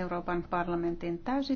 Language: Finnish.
Euroopan parlamentin täysi